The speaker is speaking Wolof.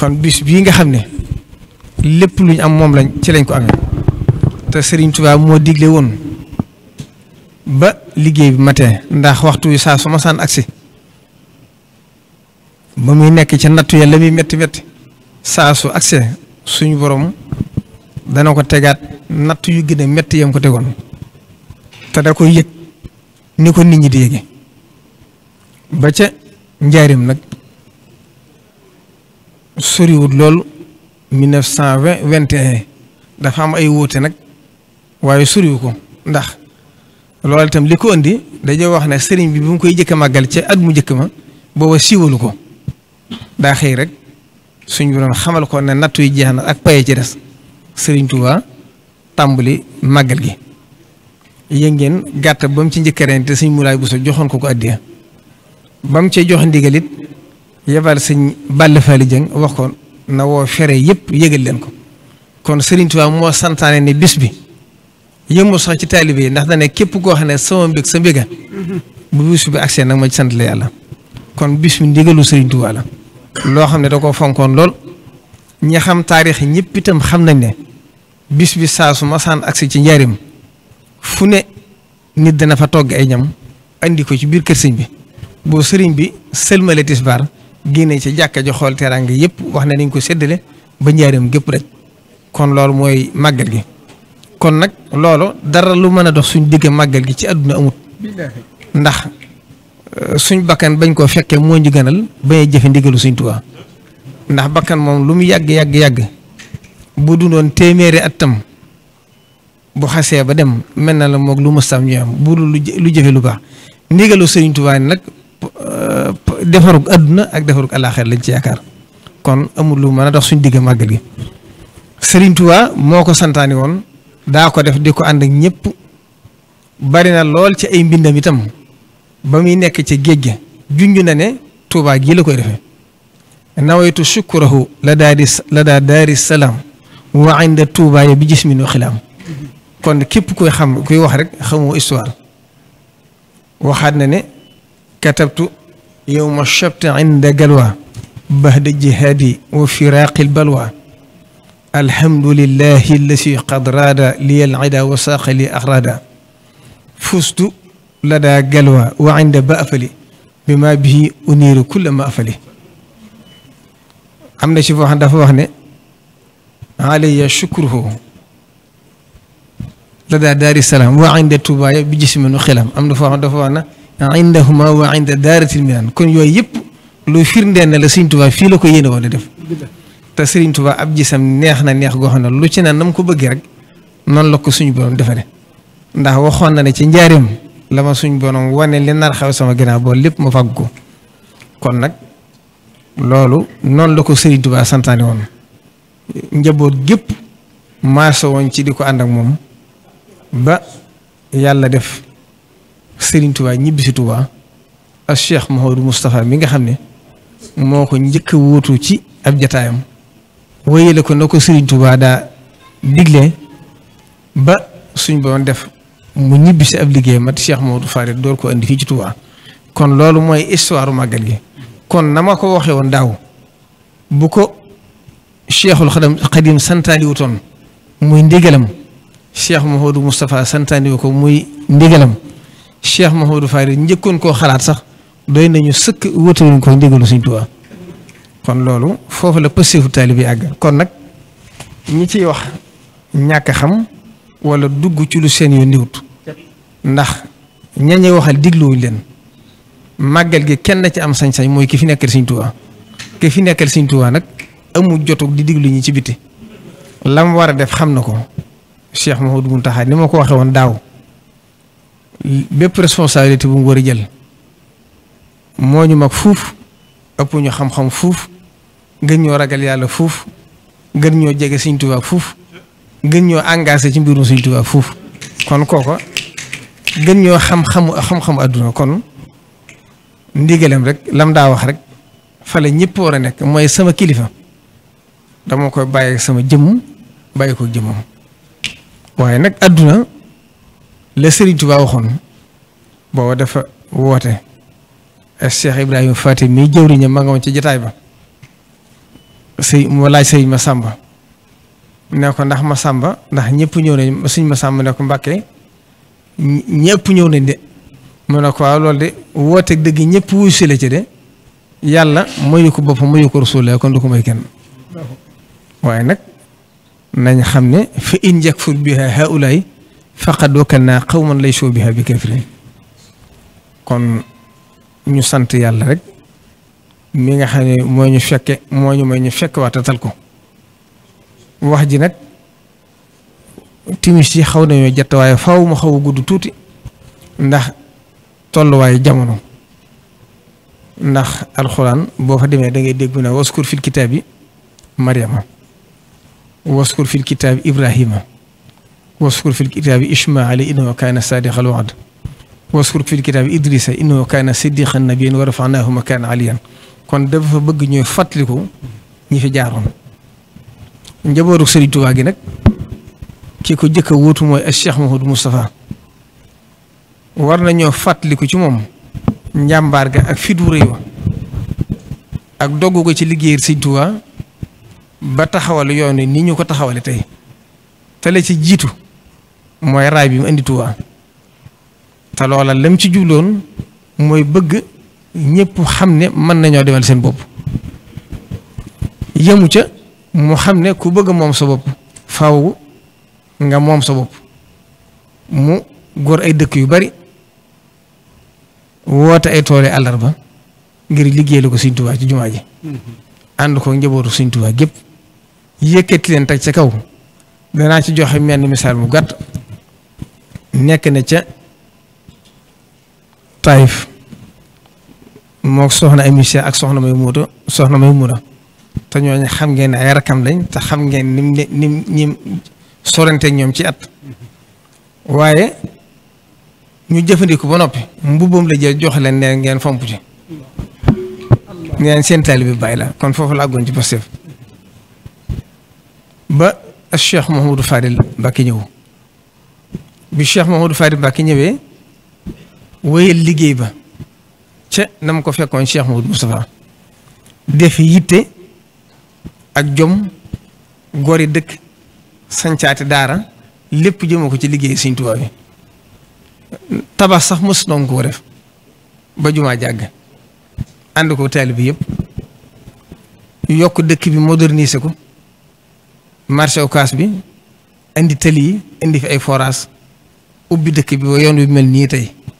kon bis bii nga xam ne lépp lu ñu am moom lañ ci lañ ko amee te Serigne Touba moo digle woon ba liggéey bi matin ndax waxtu wi saa su ma aksi ba muy nekk ci nattu ya la muy métti métti saa su agsi suñu borom dana ko tegaat natt yu gën metti métti yam ko tegoon te da yëg ni ko nit ñi di yëge ba ca njaarim nag. soriwut lool 1921 dafa am ay wuute nag waaye soriwu ko ndax loolu itam li ko indi dañoo wax ne sëriñ bi bu mu koy jëkk a màggal ca at mu njëkk ma booba siiwalu ko daa xëy rek suñ borom xamal ko ne nattu yi jeex na ak paye ci des sëriñ Tuubaa tàmbali màggal gi yëngeen gàtt ba mu ci njëkk ren te suñ mulaay bu so joxoon ko ko addiya ba mu cee jox ndigalit yebal sëñ Balla Fally Dieng wax ko na woo fere yëpp yëgal leen ko kon Serigne Touba moo santaane ni bis bi yëngu sax ci taalibe yi ndax da ne képp koo xam ne sama mbég sa mbéga bu bis bi agsee nag ma ci sant la yàlla kon bis bi ndigalu Serigne loo xam ne da koo fonkoon lool ñi xam taarix ñëpp itam xam nañ ne bis bi saa su ma masaan agsi ci njaarim fu ne nit dana fa togg ay ñam indi ko ci biir kër sëñ bi boo sëriñ bi sëlmale tisbaar génne ci jàkka ji xool teraanga yëpp wax ne nañ ko seddale ba njaareem gépp rek kon loolu mooy màggal gi kon nag loolu dara lu mën a dox suñ digg màggal gi ci àdduna amut ndax euh, suñ bakkan bañ koo fekkee moo ñu ba bañ a jëfe ndigalu suñ Tuubaa ndax bakkan moom lu mu yàgg yàgg yàgg bu dundoon téeméeri at tam bu xasee ba dem mel na la moog lu mëstaam ñu am bu lu jëfe lu baax ndigalu sëriñ Tuubaa nag Euh, defarug àdduna ak defarug àllaaxeer lañ ci yaakaar kon amul lu mën a dox suñ digg màggal gi Serigne moo ko santaani woon daa ko def di ko ànd ak ñëpp bari na lool ci ay mbindam itam ba muy nekk ci géej gi junj na ne Touba gii la koy defee nawaytu sukurahu la daa di la daa daari wa inda Touba ya bi jismin wa xilaam kon képp kuy xam kuy wax rek xamoo histoire waxaat na ne katabtu yowma chabti inda galwa bahda jihaadi wa firaaqi lbalwa alhamdulillahi allasi qad raada li alcida wa saaqa li axraada fustu lada galwa wa inda baafali bi ma bihi uniiru kulla maafali am na ci foo xam dafa wax ne alayya shukruhu lada daari salaam wa inda tubaaya bi jisminu xilam am na foo xam dafa wax na indahuma wa inda daaratil minaan kon yooyu yëpp lu firndeel ne la Sëriñ Tuubaa la ko yéene woon a def te Sëriñ Tuubaa ab gisam neex na neex goo xam ne lu ci naan na ko bëggee rek la ko suñu borom defaree ndax waxoon na ne ci njaareem la ma suñu borom wane li nar xaw sama ginaa bool lépp ma fàgg ko kon nag loolu noonu la ko Sëriñ Tuubaa santaane woon njaboot gépp maasoo woon ci di ko ànd ak moom ba yàlla def. Serigne Touba ñibbi si Touba ak Cheikh Mouhamadou Moustapha mi nga xam ne moo ko njëkk a ci ab jataayam wéyale ko na ko Touba daa digle ba suñ boon def mu ñibbi si ab liggéey mat Cheikh Mouhamadou Farid door ko andi fii ci Touba kon loolu mooy histoire màggal gi kon nama ko waxee woon daaw bu ko Cheikhul Xadim Xadim santaani wutoon muy ndigalam Cheikh Mouhamadou Moustapha santaani wu ko muy ndigalam Cheikh Mahamadou Fari njëkkoon koo xalaat sax doy nañu sëkk wóotaluñ ko ndigalu Sëriñ Tuubaa kon loolu foofu la pëstéefu taali bi àgg kon nag ñi ciy wax ñàkk xam walla dugg ci lu seen yoon ndiwut ndax ñañe waxal digluwuñ leen màggal gi kenn ci am sañ-sañ mooy ki fi nekkal Sëriñ Tuubaa ki fi nekkal Sëriñ Tuubaa nag amul jotu di diglu ñi ci biti lam war a def xam na ko Cheikh Mahamadou Mountakha ni ma ko waxee woon daaw bépp responsabilité bu mu war a jël moo ñu mag fuuf ëpp ñu xam-xam fuuf gën ñoo ragal yàlla fuuf gën ñoo jege Sëñ Tuubaa fuuf gën ñoo engagé ci mbirum Sëñ Tuubaa fuuf kon kooko gën ñoo xam-xamu xam-xamu àdduna kon ndigalem rek lam daa wax rek fale ñëpp war a nekk mooy sama kilifa dama koy bàyyi sama jëmm bàyyi ko jëmmam waaye nag àdduna la Serigne Touba waxoon booba woote ak Cheikh Ibrahima Faty mii jëwriña ma nga woon ci jotaay ba sëy mu laaj sëriñ ma sàmba ne ko ndax ma sàmba ndax ñëpp ñëw nañ ma sàmba ne ko ñëpp ñëw nañ de mu ne ko waaw loolu de woote dëgg ñëpp wuy si la ci de yàlla mayu ko boppam mayu ko rasuul kon du ko may kenn waaye nag nañ xam ne fa in yakfur biha haulaay faqad wakkalnaa qawman laysuu bihaa bi kaafiriin kon ñu sant yàlla rek mi nga xam ne moo ñu fekke moo ñu may ñu fekk waatatal ko wax ji nag timis yi xaw nañoo jot waaye faaw mu xaw a gudd tuuti ndax tolluwaayu jamono ndax alxuraan boo fa demee da ngay na ne waskur fil kitaabi Mariama waskur fil kitaabi Ibrahima. waskur fil kitaabi Ismaila innahu kaana saadiqal wa'd waskur fil kitaabi Idrisa innahu kaana siddiqan nabiyyan wa rafa'naahu makaanan aliyyan kon dafa bëgg ñooy fàttaliku ñi fi jaaroon. njabootu Serigne Touba gi nag ki ko jëkk a wuutu mooy as Cheikh Mouhamadou Moustapha war nañoo fàttaliku ci moom njàmbaar ga ak fit wu rëy wa ak doggu ko ci liggéeyal Serigne Touba ba taxawal yoon ni ñu ko taxawale tey te la ci jiitu. mooy raay bi mu indi Touba te loola lam ci jubloon mooy bëgg ñépp xam ne mën nañoo demal seen bopp yemu ca mu xam ne ku bëgg moom sa bopp faaw nga moom sa bopp mu góor ay dëkk yu bari woote ay toole àllarba ngir liggéeyal ko Sëñ Tuubaa ci jumaa ji mm-hmm. ànd ko njabootu Sëñ Tuubaa gépp yëkkati leen teg ca kaw danaa ci joxe menn misaal mu gàtt nekk na ca Taïf mook soxna Ami Cheikh ak soxna may muuta soxna may muuta te ñooñu xam ngeen ne ay rakam lañ te xam ngeen nim ne nim ñoom ci at waaye ñu jëfandiku ba noppi mbubboom la jël jox leen ngeen fomp ci neen seen taalibe bi bàyyi la kon foofu la àggoon ci Pastef ba Cheikh Mouhamadou Fadil Mbacké ñëw bi Cheikh Mamadou Fadi Mbacké ñëwee wéyal liggéey ba ca na mu ko fekkoon Cheikh Mamadou Moustapha def yitte ak jom gori dëkk sancaati daara lépp jëma ko ci liggéey Sëriñ Tuubaa bi tabax sax mos noon koo def ba jumaa jàgg ànd ko taali bi yëpp yokk dëkk bi moderniser ko marché okaas bi indi tëli indi fi ay forage ubbi dëkk bi ba yoon wi mel nii tey